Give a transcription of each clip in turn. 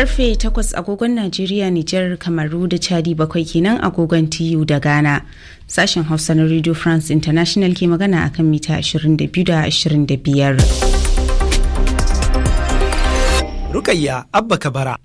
karfe 8 agogon Najeriya, Nijar, Kamaru da Chadi bakwai kenan agogon TU da Ghana. Sashen Hausa na Radio France International ke magana a kan mita 22 da 25. Rukayya Abba Kabara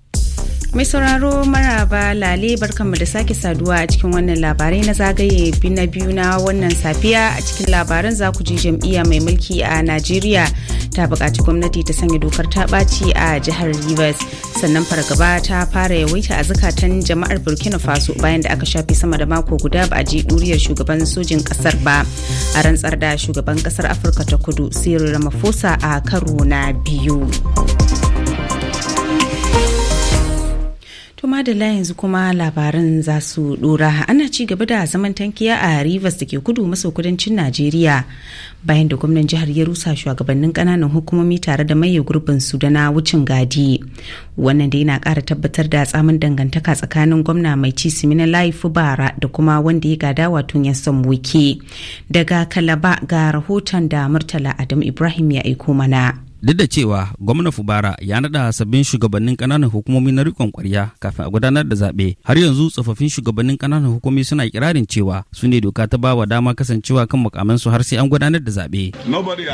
Mai sauraro maraba lale barkanmu da sake saduwa a cikin wannan labarai na zagaye na biyu na wannan safiya a cikin labaran za ku ji jam'iyya mai mulki a Najeriya ta bukaci gwamnati ta sanya dokar ta ɓaci a jihar Rivers sannan fargaba ta fara yawaita a zukatan jama'ar Burkina Faso bayan da aka shafe sama da mako guda ba a ji ɗuriyar shugaban sojin ƙasar ba a rantsar da shugaban ƙasar Afirka ta Kudu Cyril Ramaphosa a karo na biyu. Kuma da yanzu kuma labaran za su dora ana ci gaba da zaman tankiya a Rivers da ke kudu maso kudancin Najeriya bayan da gwamnan jihar ya rusa shugabannin kananan hukumomi tare da maye gurbin su da na wucin gadi. Wannan da yana kara tabbatar da tsamin dangantaka tsakanin gwamna mai ci Simina Laifu Bara da kuma wanda ya gada wato Yassan wuke Daga Kalaba ga rahoton da Murtala Adam Ibrahim ya aiko mana. duk da cewa gwamnan fubara ya naɗa sabbin shugabannin ƙananan hukumomi na rikon kwarya kafin a gudanar da zaɓe har yanzu tsofaffin shugabannin ƙananan hukumomi suna kirarin cewa su ne doka ta bawa dama kasancewa kan su har sai an gudanar da zaɓe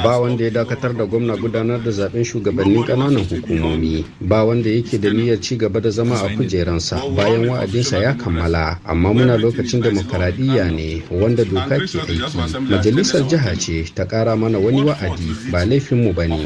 ba wanda ya dakatar da gwamna gudanar da zaɓen shugabannin ƙananan hukumomi ba wanda yake da niyyar ci gaba da zama a kujeransa bayan wa'adinsa ya kammala amma muna lokacin demokaradiyya ne wanda doka ke aiki majalisar jiha ce ta kara mana wani wa'adi ba laifin ba ne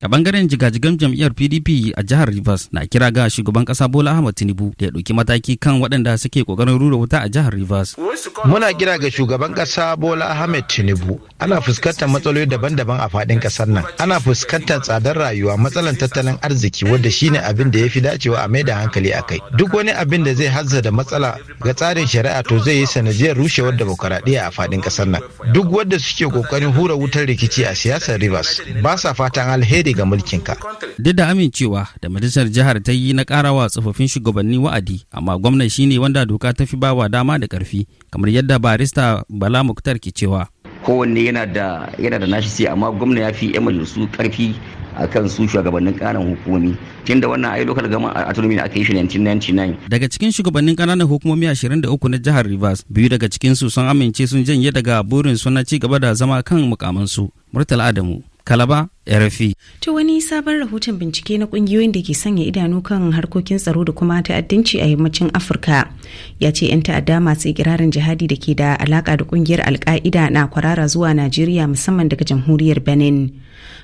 a bangaren jigajigan jam'iyyar pdp a jihar rivers na kira ga shugaban kasa bola ahmad tinubu da ya ɗauki mataki kan waɗanda suke ƙoƙarin rura wuta a jihar rivers muna kira ga shugaban kasa bola ahmad tinubu ana fuskantar matsaloli daban-daban a faɗin ƙasar nan ana fuskantar tsadar rayuwa matsalar tattalin arziki wanda shine abin da ya fi dacewa a mai da hankali a kai duk wani abin da zai hazza da matsala ga tsarin shari'a to zai yi sanadiyar rushewar demokaradiyya a faɗin ƙasar nan duk wanda suke ƙoƙarin hura wutar rikici a siyasar rivers ba sa fatan alheri daga mulkinka. Duk da amincewa da majalisar jihar ta yi na karawa tsofaffin shugabanni wa'adi, amma gwamnati shine wanda doka ta fi bawa dama da karfi, kamar yadda barista Bala Muktar ke cewa. Kowanne yana da yana da nashi sai amma gwamnati ya fi yan majalisu karfi akan su shugabannin ƙananan hukumomi tun da wannan ayyukan gama a turmi da aka yi shi 1999 daga cikin shugabannin ƙananan hukumomi 23 na jihar rivers biyu daga cikin su sun amince sun janye daga burin su na ci gaba da zama kan mukamansu murtala adamu kalaba rfi e. ta wani sabon rahoton bincike na kungiyoyin da ke sanya idanu kan harkokin tsaro da kuma ta'addanci a yammacin afirka ya ce 'yan ta'adda masu ikirarin jihadi da ke da alaka da kungiyar alka'ida na kwarara zuwa najeriya musamman daga jamhuriyar benin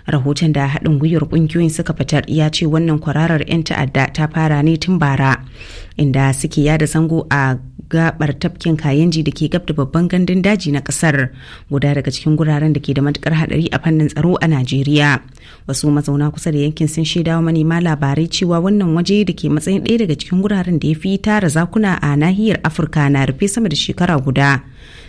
rahoton da haɗin gwiwar ƙungiyoyin suka fitar ya ce wannan kwararar 'yan ta'adda ta fara ne tun bara inda suke yada zango a gabar tafkin kayanji da ke gab da babban gandun daji na kasar guda daga cikin guraren da ke da matukar hadari a fannin tsaro a najeriya wasu mazauna kusa da yankin sun shaidawa manema labarai cewa wannan waje da ke matsayin ɗaya daga cikin guraren da ya fi tara zakuna a nahiyar afirka na rufe sama da shekara guda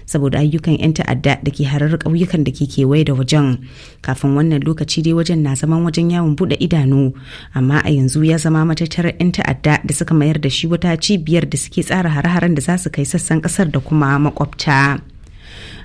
saboda ayyukan 'yan ta'adda da ke harar ƙauyukan da ke kewaye da wajen kafin wannan lokaci dai wajen na zaman wajen yawon buɗe idanu amma a yanzu ya zama matattarar 'yan ta'adda da suka mayar da shi wata cibiyar da suke tsara hare-haren da za su kai sassan ƙasar da kuma makwabta.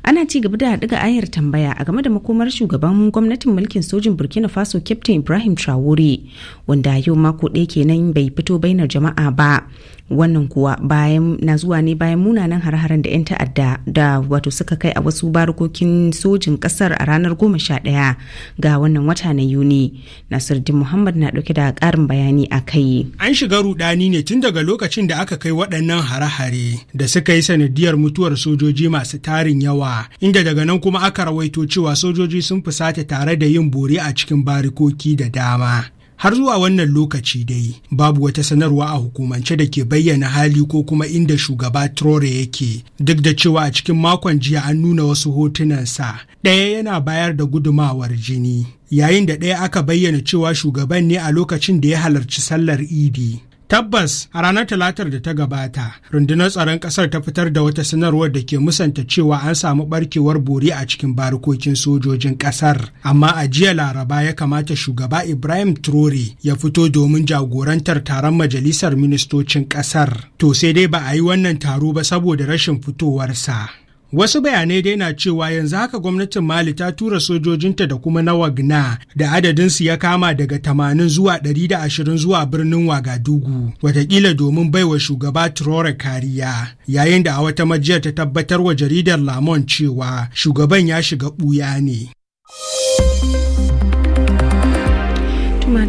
ana ci gaba da daga ayar tambaya a game da makomar shugaban gwamnatin mulkin sojin burkina faso captain ibrahim traore wanda yau mako ɗaya kenan bai fito bainar jama'a ba wannan kuwa bayan na zuwa ne bayan munanan har-haren da 'yan ta'adda da wato suka kai a wasu barukokin sojin kasar a ranar goma sha 11 ga wannan wata na yuni nasiruddin muhammad na dauke da karin bayani a kai an shiga rudani ne tun daga lokacin da aka kai waɗannan har hare da suka yi sanadiyar mutuwar sojoji masu tarin yawa inda daga nan kuma aka rawaito cewa sojoji sun fusata tare da yin bore a cikin barikoki da dama har zuwa wannan lokaci dai babu wata sanarwa a hukumance da ke bayyana hali ko kuma inda shugaba Traore yake duk da cewa a cikin makon jiya an nuna wasu hotunansa ɗaya yana bayar da gudumawar jini yayin da ɗaya aka bayyana cewa shugaban ne a lokacin da ya halarci sallar idi Tabbas a ranar Talatar da ta gabata, rundunar tsaron ƙasar ta fitar da wata sanarwar da ke musanta cewa an samu barkewar bori a cikin barikokin sojojin ƙasar. Amma a jiya Laraba ya kamata shugaba Ibrahim Traore ya fito domin jagorantar taron majalisar ministocin ƙasar. To sai dai ba a yi wannan taro ba saboda rashin fitowarsa. Wasu bayanai dai na cewa yanzu haka gwamnatin Mali ta tura sojojinta da kuma na Wagna da adadinsu ya kama daga tamanin zuwa ɗari da ashirin zuwa birnin Wagadugu, watakila domin baiwa shugaba Traore kariya. Yayin da a wata majiya ta tabbatar wa jaridar Lamon cewa shugaban ya shiga ɓuya ne.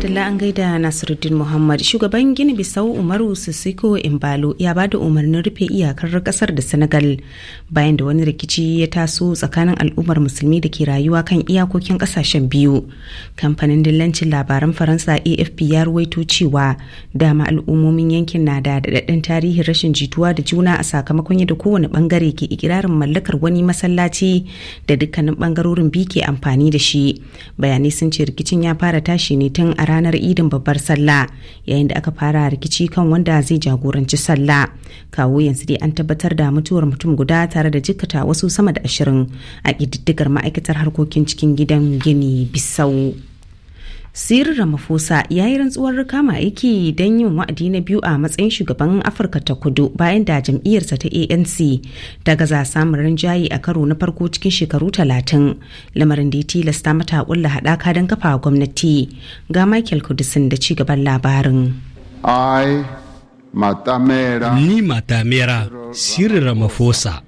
Abdullahi an gaida nasiruddin muhammad shugaban gini bisau umaru sisiko imbalo ya ba da umarnin rufe iyakar kasar da senegal bayan da wani rikici ya taso tsakanin al'ummar musulmi da ke rayuwa kan iyakokin kasashen biyu kamfanin dillancin labaran faransa afp ya ruwaito cewa dama al'ummomin yankin na da daɗaɗɗen tarihin rashin jituwa da juna a sakamakon yadda kowane bangare ke ikirarin mallakar wani masallaci da dukkanin bangarorin biyu ke amfani da shi bayanai sun ce rikicin ya fara tashi ne tun a ranar idin babbar sallah yayin da aka fara rikici kan wanda zai jagoranci sallah kawo yanzu dai an tabbatar da mutuwar mutum guda tare da jikkata wasu sama da ashirin a ƙididdigar ma'aikatar harkokin cikin gidan gini bisau sirin Ramaphosa ya yi rantsuwar kama aiki don yin wa'adi na biyu a matsayin shugaban Afirka ta kudu bayan da jam'iyyarsa ta ANC ta gaza samun rinjaye a karo na farko cikin shekaru talatin lamarin da ya tilasta mata kulla haɗaka don kafa gwamnati ga Michael Kudisin da ci gaban labarin. Ni Matamera, sirin Ramaphosa.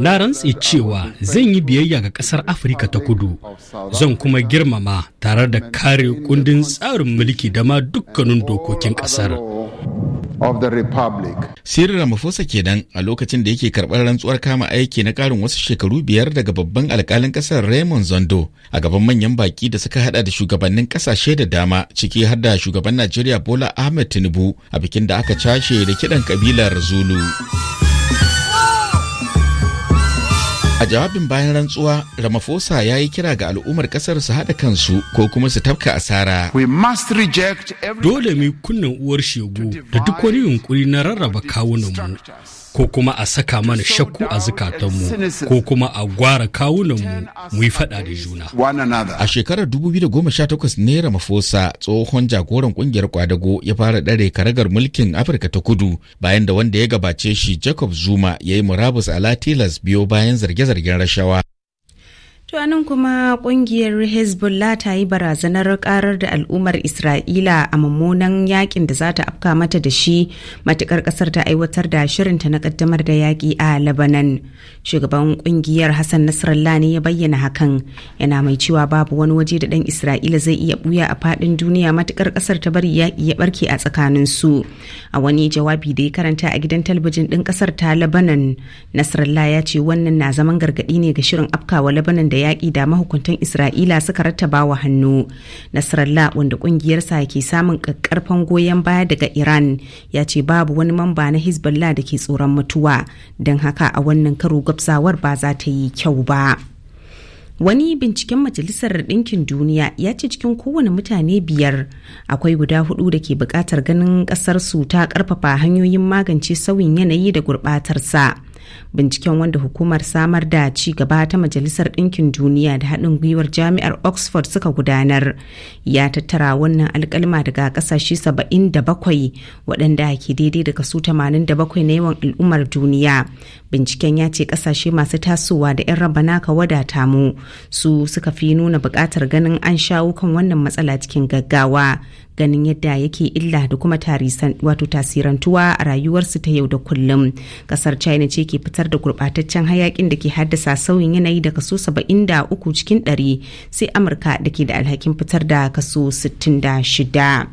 Na rantse cewa zan yi biyayya ga ƙasar Afirka ta kudu, zan kuma girmama tare da kare kundin tsarin mulki da ma dukkanin dokokin ƙasar. sirri the republic. Ramaphosa kenan a lokacin da yake karɓar rantsuwar kama aiki na ƙarin wasu shekaru biyar daga babban alkalin ƙasar Raymond Zondo a gaban manyan baki da suka hada da shugabannin ƙasashe da dama ciki har da shugaban Najeriya Bola Ahmed Tinubu a bikin da aka cashe da kiɗan ƙabilar Zulu. A jawabin bayan rantsuwa, Ramaphosa ya yi kira ga al'ummar kasar su haɗa kansu ko kuma su tafka asara. Dole mu kunnen uwar shegu da duk wani yunkuri na rarraba kawunanmu ko kuma a saka mana shakku a zukatanmu ko kuma a gwara kawunanmu mu yi faɗa da juna. A shekarar 2018 ne Ramaphosa tsohon jagoran kungiyar kwadago ya fara ɗare karagar mulkin Afirka ta kudu bayan da wanda ya gabace shi Jacob Zuma ya yi murabus a Latilas biyo bayan zarge-zargen rashawa. To anan kuma kungiyar Hezbollah ta yi barazanar karar da al'ummar Isra'ila a mummunan yakin da za ta afka mata da shi matukar kasar ta aiwatar da shirinta na kaddamar da yaki a Lebanon. Shugaban kungiyar Hassan Nasrallah ne ya bayyana hakan yana mai cewa babu wani waje da ɗan Isra'ila zai iya buya a fadin duniya matukar kasar ta bari yaki ya barke a tsakanin su. A wani jawabi da ya karanta a gidan talabijin ɗin kasar ta Lebanon, Nasrallah ya ce wannan na zaman gargadi ne ga shirin afkawa Lebanon da yaƙi da mahukuntan Isra'ila suka rattaba wa hannu. Nasrallah wanda ƙungiyarsa ke samun ƙaƙƙarfan goyon baya daga Iran ya ce babu wani mamba na Hezbollah da ke tsoron mutuwa don haka a wannan karo gabsawar ba za ta yi kyau ba. Wani binciken Majalisar Ɗinkin Duniya ya ce cikin kowane mutane biyar akwai guda hudu da ke buƙatar ganin ƙasarsu ta ƙarfafa hanyoyin magance sauyin yanayi da gurɓatarsa. binciken wanda hukumar samar da ci gaba ta majalisar ɗinkin duniya da haɗin gwiwar jami'ar oxford suka gudanar ya tattara wannan alkalma daga ƙasashe 77 waɗanda ke daidai da kaso 87 na yawan al'ummar duniya binciken ya ce ƙasashe masu tasowa da 'yan raba naka wadata mu su suka fi nuna buƙatar ganin an shawo kan wannan matsala cikin gaggawa ganin yadda yake illa da kuma wato tasirantuwa a rayuwarsu ta yau da kullum kasar china ce ke fitar da gurbataccen hayakin da ke haddasa sauyin yanayi da kaso 73 cikin 100 sai amurka da ke da alhakin fitar da kaso shida.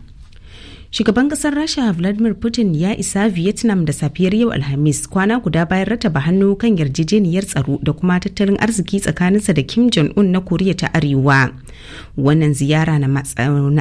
Shugaban kasar Rasha Vladimir Putin ya isa Vietnam da safiyar yau Alhamis kwana guda bayan rataba hannu kan yarjejeniyar tsaro da kuma tattalin arziki tsakaninsa da Kim Jong-un na Koriya ta Arewa. Wannan ziyara na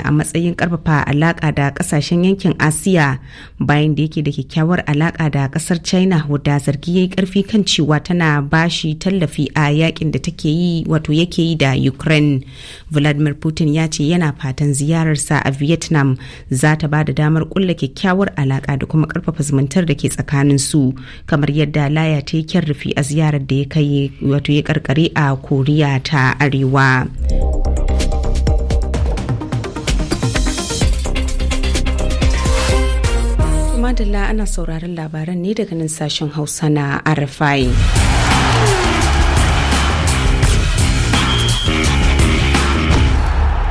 a matsayin karfafa alaka da kasashen yankin Asiya bayan da yake da kyakkyawar alaka da kasar China wadda zargi ya karfi kan cewa tana bashi tallafi a yakin da take yi wato yake yi da Ukraine. Vladimir Putin ya ce yana fatan ziyararsa a Vietnam za ta ba ba da damar kulla kyakkyawar alaka da kuma karfafa zumuntar da ke tsakanin su kamar yadda laya ta yi rufi a ziyarar da ya kai wato ya karkare a koriya ta arewa madalla ana sauraron labaran ne daga nan sashen hausa na arfai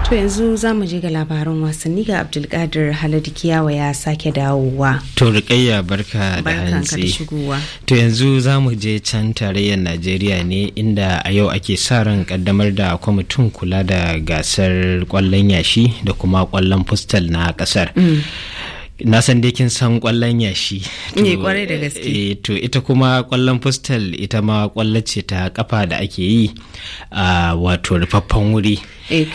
To yanzu za mu je ga labaran wasanni ga Abdulkadir Haladu Kiyawa ya sake dawowa. To Rukayya barka da hantsi. To yanzu za mu je can tarayyar Najeriya ne inda a yau ake sa ran kaddamar da kwamitin kula da gasar kwallon yashi da kuma kwallon fustal na kasar. Mm. na san dai kin san kwallon yashi ne eh, kwarai da gaske eh, to ita kuma kwallon postal ita ma kwallon ce ta kafa da ake yi a wato rufaffen wuri eh.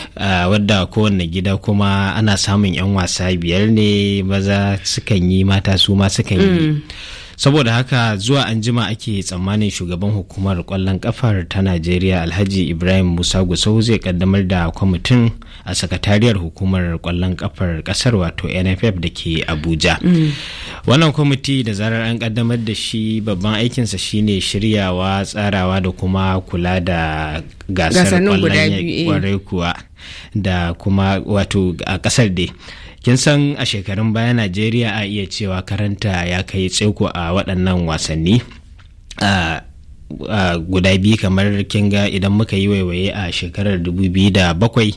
wadda kowanne gida kuma ana samun yan wasa biyar ne maza sukan yi mata su ma sukan yi mm. saboda haka zuwa anjima ake tsammanin shugaban hukumar kwallon kafar ta najeriya alhaji ibrahim musa gusau zai kaddamar da kwamitin a sakatariyar hukumar kwallon kafar kasar wato nff da ke abuja wannan kwamiti da zarar an kaddamar da shi babban aikinsa shine shiryawa tsarawa da kuma kula da gasar kwallon eh. kuwa da kuma wato a kasar dai kin san a shekarun baya najeriya a iya cewa karanta ya kai tseko a waɗannan wasanni a guda biyu kamar kinga idan muka yi waiwaye a shekarar 2007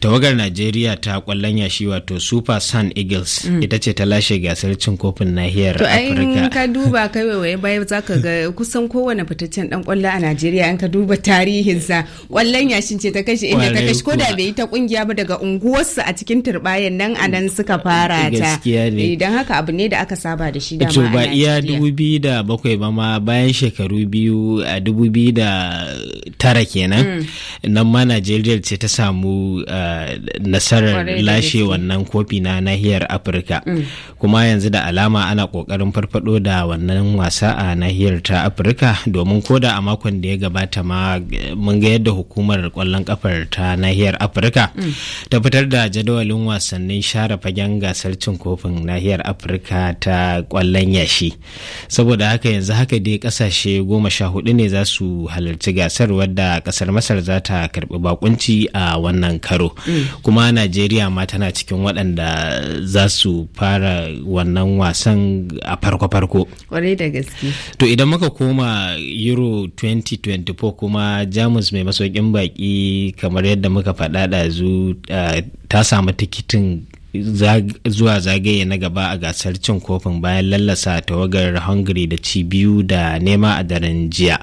tawagar najeriya ta kwallon yashi wato super sun eagles mm. ita ce ta lashe gasar cin kofin nahiyar afirka to ka duba kai waiwaye za zaka ga kusan kowane fitaccen dan kwallo a najeriya in ka duba tarihinsa kwallon yashin ce ta kashe inda ta kashe ko da bai yi ta kungiya ba daga unguwarsa a cikin turbayan nan a nan suka fara ta idan eh, haka abu ne da aka saba da shi dama a ba iya dubu biyu da bakwai ba ma bayan shekaru biyu a dubu biyu da tara kenan mm. nan ma najeriya ce ta samu uh, nasarar lashe wannan kofi na nahiyar afirka mm. kuma yanzu da alama ana kokarin farfado da wannan wasa a nahiyar ta afirka domin ko da a makon da ya gabata ma eh, mun ga yadda hukumar kwallon kafar ta nahiyar afirka mm. ta fitar da jadawalin wasannin share fagen gasar cin kofin nahiyar afirka ta kwallon yashi saboda haka yanzu haka dai kasashe goma sha hudu ne za su halarci gasar wadda kasar masar za ta karbi bakunci a wannan karo kuma najeriya ma tana cikin waɗanda za su fara wannan wasan a farko-farko kwarai da gaske to idan muka koma euro 2024 kuma jamus mai masaukin baki kamar yadda muka faɗa ɗazu ta samu tikitin zuwa zagaye na gaba a gasar cin kofin bayan lallasa tawagar hungary da ci biyu da nema a daren jiya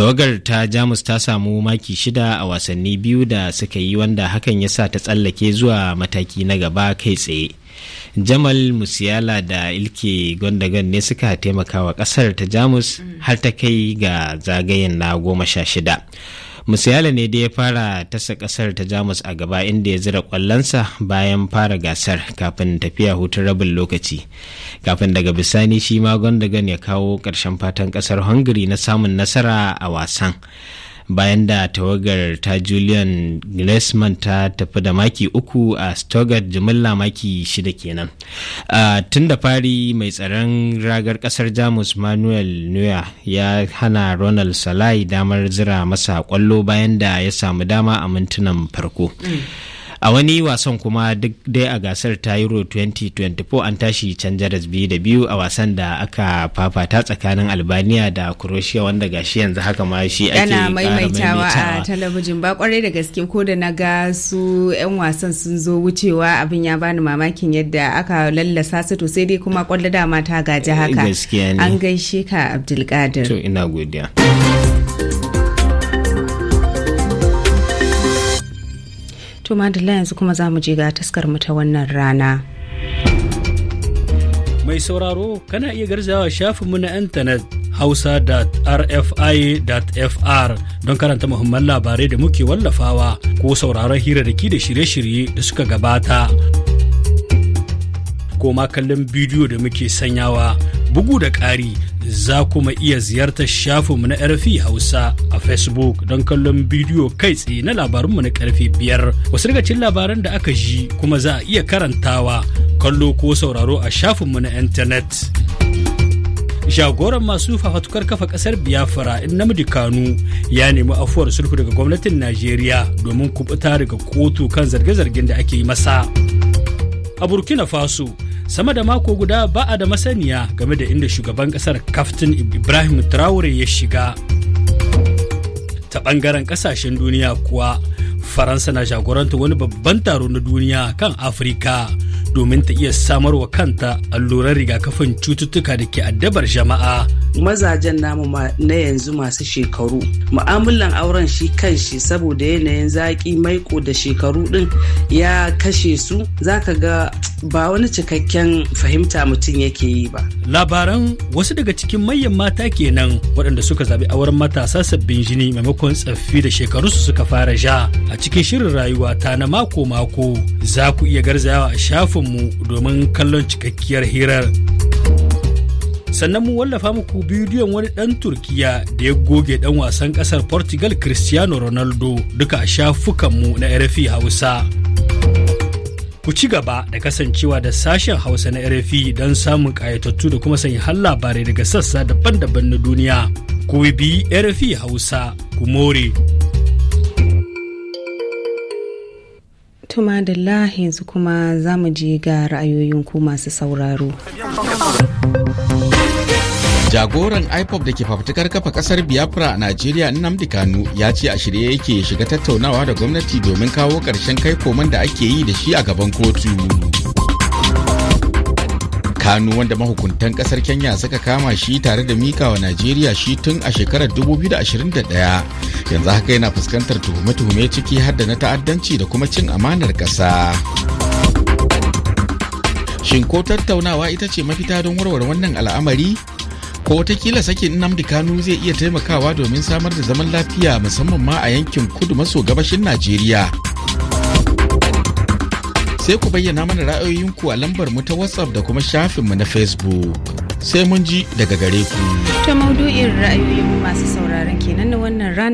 tawagar ta jamus ta samu maki shida a wasanni biyu da suka yi wanda hakan ya sa ta tsallake zuwa mataki na gaba kai tsaye jamal musiala da ilke gondagan ne suka taimaka wa kasar ta jamus har ta kai ga zagayen na goma sha shida musiala ne da ya fara tasa kasar ta jamus a gaba inda ya zira kwallonsa bayan fara gasar kafin tafiya hutun rabin lokaci kafin daga bisani shi ma gondagan ya kawo ƙarshen fatan kasar hungary na samun nasara a wasan bayan da tawagar ta julian glesman ta tafi da maki uku a stuttgart jimilla maki shida kenan tun da fari mai tsaron ragar kasar jamus manuel neuer ya hana ronald salai damar zira masa kwallo bayan da ya samu dama a mintunan farko mm. a wani wasan kuma duk dai a gasar ta euro 2024 an tashi can jaras biyu da biyu a wasan da aka fafata tsakanin albania da croatia wanda gashi yanzu haka ma shi ake ana maimaitawa a talabijin ba kwarai da gaske ko da na ga su 'yan wasan sun zo wucewa abin ya bani mamakin yadda aka lallasa su to sai dai kuma kwallo dama ta gaji eh, haka an gaishe ka abdulkadir to ina godiya To Madalla yanzu kuma za mu je ga taskar mu ta wannan rana. Mai sauraro kana iya garzawa shafinmu na intanet hausa.rfi.fr don karanta muhimman labarai da muke wallafawa ko sauraron hira da da shirye-shirye da suka gabata. Ko ma kallon bidiyo da muke sanyawa bugu da ƙari za kuma iya ziyartar shafinmu na RFI Hausa a Facebook don kallon bidiyo kai tsaye na labarinmu na karfe biyar. Wasu daga cikin labaran da aka ji kuma za a iya karantawa kallo ko sauraro a shafinmu na intanet. jagoran masu fafatukar kafa kasar biafra in kanu ya nemi afuwar sulhu daga gwamnatin najeriya domin kubuta daga kotu kan zarge-zargen da ake yi masa a burkina faso sama da mako guda ba a da masaniya game da inda shugaban kasar kaftin ibrahim traore ya shiga ta ɓangaren ƙasashen duniya kuwa faransa na jagoranta wani babban taro na duniya kan afirka domin ta iya samarwa kanta alluran rigakafin cututtuka da ke addabar jama'a mazajen namu na yanzu masu shekaru mu'amalan auren shi kan shi saboda yanayin zaƙi maiko da shekaru ɗin ya kashe su zaka ga ba wani cikakken fahimta mutum yake yi ba labaran wasu daga cikin manyan mata kenan waɗanda suka zaɓi auren matasa sabbin jini maimakon tsaffi da shekaru su suka fara sha, a cikin shirin rayuwa ta na mako-mako za ku iya garzawa a shafinmu domin kallon cikakkiyar hirar. sannan mu wallafa muku bidiyon wani ɗan turkiya da ya goge ɗan wasan ƙasar portugal cristiano ronaldo duka a shafukanmu na rfi hausa ku ci gaba da kasancewa da sashen hausa na rfi don samun ƙayatattu da kuma sanya har labarai daga sassa daban-daban na duniya ku bi rfi hausa ku more tuma da yanzu kuma za mu je ga ra'ayoyin ku masu sauraro. jagoran ipop da ke fafutukar kafa kasar biafra a najeriya nnamdi kanu ya ce a shirye yake shiga tattaunawa da gwamnati domin kawo ƙarshen kai koman da ake yi da shi a gaban kotu kanu wanda mahukuntan kasar kenya suka kama shi tare da mika wa najeriya shi tun a shekarar 2021 yanzu haka yana fuskantar tuhume-tuhume ciki har da na ta'addanci da kuma cin amanar ƙasa. shin ko tattaunawa ita ce mafita don warware wannan al'amari ko watakila sakin Nnamdi Kanu zai iya taimakawa domin samar da zaman lafiya musamman ma a yankin kudu maso gabashin Najeriya. Sai ku bayyana mana ra'ayoyinku a lambar mu ta WhatsApp da kuma shafinmu na Facebook. Sai mun ji daga gare ku. Ta maudu'in ra'ayoyin masu sauraron kenan na wannan rana.